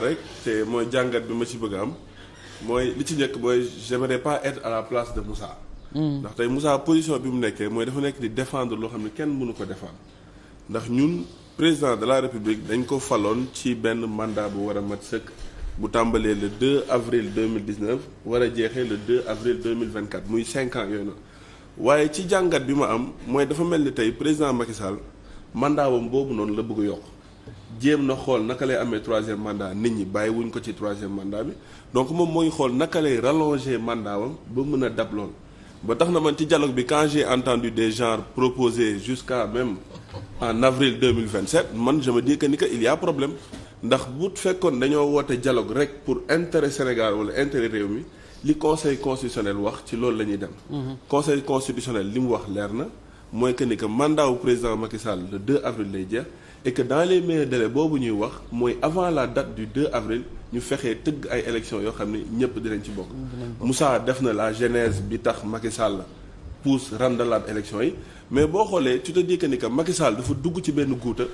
rek te mooy jàngat bi ma ci bëgg am mooy li ci njëkk mooy j'aimerais pas être à la place de Moussa. Hmm. ndax tey Moussa position bi mu nekkee mooy dafa nekk di défendre loo xam ne kenn mënu ko défendre ndax ñun président de la république dañ ko faloon ci benn mandat bu war a mat sëkk bu tàmbalee le 2 avril 2019 war a jeexee le 2 avril 2024 muy 5 ans yooyu na waaye ci jàngat bi ma am mooy dafa mel ni tey président Macky Sall mandat wam boobu noonu la bëgg a yokk. jéem na xool naka lay amee troisième mandat nit ñi bàyyi wuñ ko ci troisième mandat bi donc moom mooy xool naka lay rallonger mandat wam ba mën a dab lool ba tax na man ci dialogue bi quand j'ai entendu des gens proposer jusqu'à même en avril 2027 mille je me man que ni que il y a problème ndax bu fekkoon dañoo woote dialogue rek pour intérêt Sénégal wala intérêt réew mi li conseil constitutionnel wax ci loolu la ñuy dem mhm. conseil constitutionnel li mu wax leer na mooy que ni que mandat président Macky Sall le 2 avril lay et que dans les meilleurs délais boobu ñuy wax mooy avant la date du 2 avril ñu fexee tëgg ay élections yoo xam ne ñëpp dinañ ci bokk. Moussa def na la genèse bi tax Macky la pousse rendalaat élections yi mais boo xoolee tu te dis que ni que Macky Sall dafa dugg ci benn guuta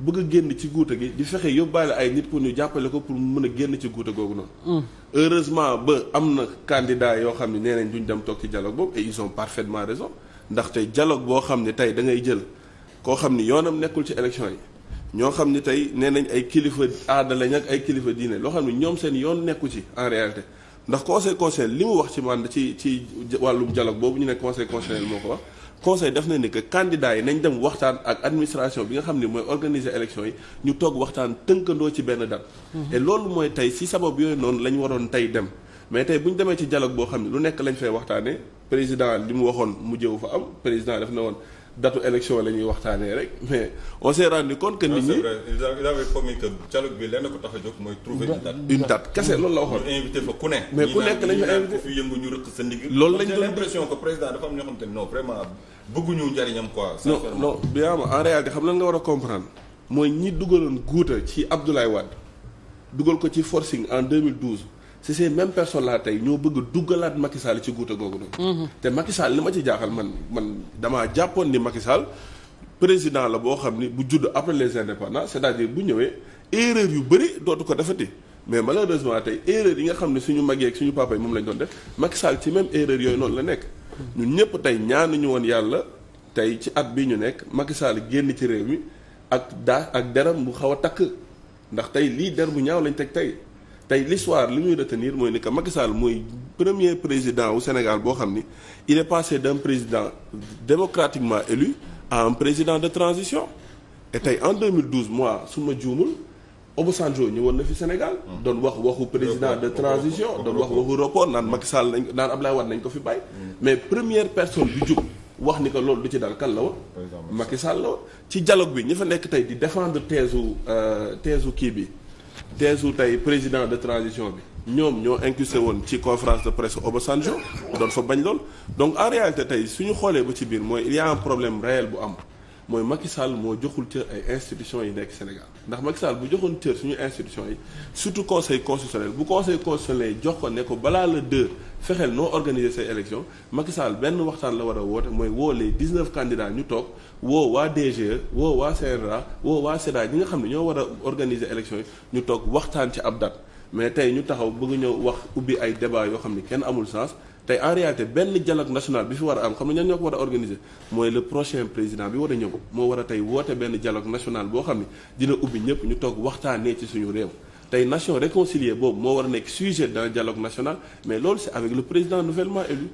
bëgg a génn ci guuta gi di fexe yóbbaale ay nit pour ñu jàppale ko pour mu mën a génn ci guuta googu noonu. Mm. heureusement ba am na candidat yoo xam ne nee nañ duñ dem toog ci dialogue boobu et ils ont parfaitement raison boo xam ne tey da ngay jël koo xam ni yoonam nekkul ci élection yi. ñoo xam ni tey nee nañ ay kilifa aada lañ ak ay kilifa diine loo xam ne ñoom seen yoon nekku ci en réalité ndax conseil conseil li mu wax ci man ci ci wàllum dialogue boobu ñu ne conseil conseil moo ko wax conseil def na ni que candidats yi nañ dem waxtaan ak administration bi nga xam ni mooy organiser élection yi ñu toog waxtaan tënkandoo ci benn date. Mhm. et loolu mooy tey si sabab yooyu noonu la ñu waroon tey dem mais tey bu ñu demee ci dialogue boo xam ne lu nekk lañ fay waxtaanee président li mu waxoon mu fa am président def na woon. datu élection la ñuy waxtaanee rek mais on s' est rendu compte que nit ñi. a jóg mooy. trouver une date une date kese la waxoon. ne. mais ku nekk la ñu invité fi yëngu ñu rëq sa ndig. loolu lañ doon l'impression que président dafa am ñoo xam te non vraiment bëgguñu njariñam quoi. non non Birama en xam na nga war a comprendre mooy ñi dugaloon guuta ci Abdoulaye Wade dugal ko ci forcing en 2012. c'est ces mêmes personne là tey ñoo bëgg duggalaat Macky Sall ci guuta googu noonu. Mhm. te Macky Sall li ma ci jaaxal man man damaa jàppoon ni Macky Sall président la boo xam ni bu judd après les indépendances c'est-à-dire bu ñëwee erreur yu bëri dootu ko defati mais malheureusement tey erreur yi nga xam ne suñu magee suñu papa yi moom lañ doon def Macky Sall ci même erreur yooyu noonu la nekk. ñun ñëpp tey ñu woon yàlla tey ci at bii ñu nekk Macky Sall génn ci réew mi ak daa ak deram bu xaw a takk ndax lii der bu ñaaw lañ teg tey. tey l'histoire li muy retenir mooy ni que Macky Sall mooy premier président au Sénégal boo xam ni il est passé d'un président démocratiquement élu à un président de transition et tey en mois moi su ma juumul Obasanjo ñëwoon na fi Sénégal doon wax waxu président de transition doon wax waxu report naan Macky Sall nañ naan Ablaye nañ ko fi bàyyi mais première personne bi jub wax ni ko loolu du ci dal kan la woon Macky Sall la woon ci dialogue bi ñi fa nekk tey di défendre teesu euh, teesu kii bi teesu tey président de transition bi ñoom ñoo incrusté woon ci conférence de presse Obasanjo doon fa bañ lool donc en réalité tey suñu xoolee ba ci biir mooy il y a un problème réel bu am mooy Macky Sall moo joxul cër ay institutions yi nekk Sénégal ndax Macky Sall bu joxoon cër suñu institutions yi surtout conseil constitutionnel bu conseil constitutionnel jox ko ne ko balaa le deux fexeel noo organiser say élections Macky Sall benn waxtaan la war a woote mooy woo les 19 candidats ñu toog woo waa DGE woo waa CNRA woo waa CEDA ñi nga xam ne ñoo war a organiser élections yi ñu toog waxtaan ci ab date mais tey ñu taxaw bëgg ñëw wax ubbi ay débat yoo xam ne kenn amul sens tey en réalité benn dialogue national bi fi war a am xam ne ñan ñoo ko war a organiser mooy le prochain président bi war a ñëw moo war a tey woote benn dialogue national boo xam ne dina ubbi ñëpp ñu toog waxtaanee ci suñu réew tey nation réconciliée boobu moo war a nekk sujet d'un dialogue national mais loolu c'est avec le président nouvellement élu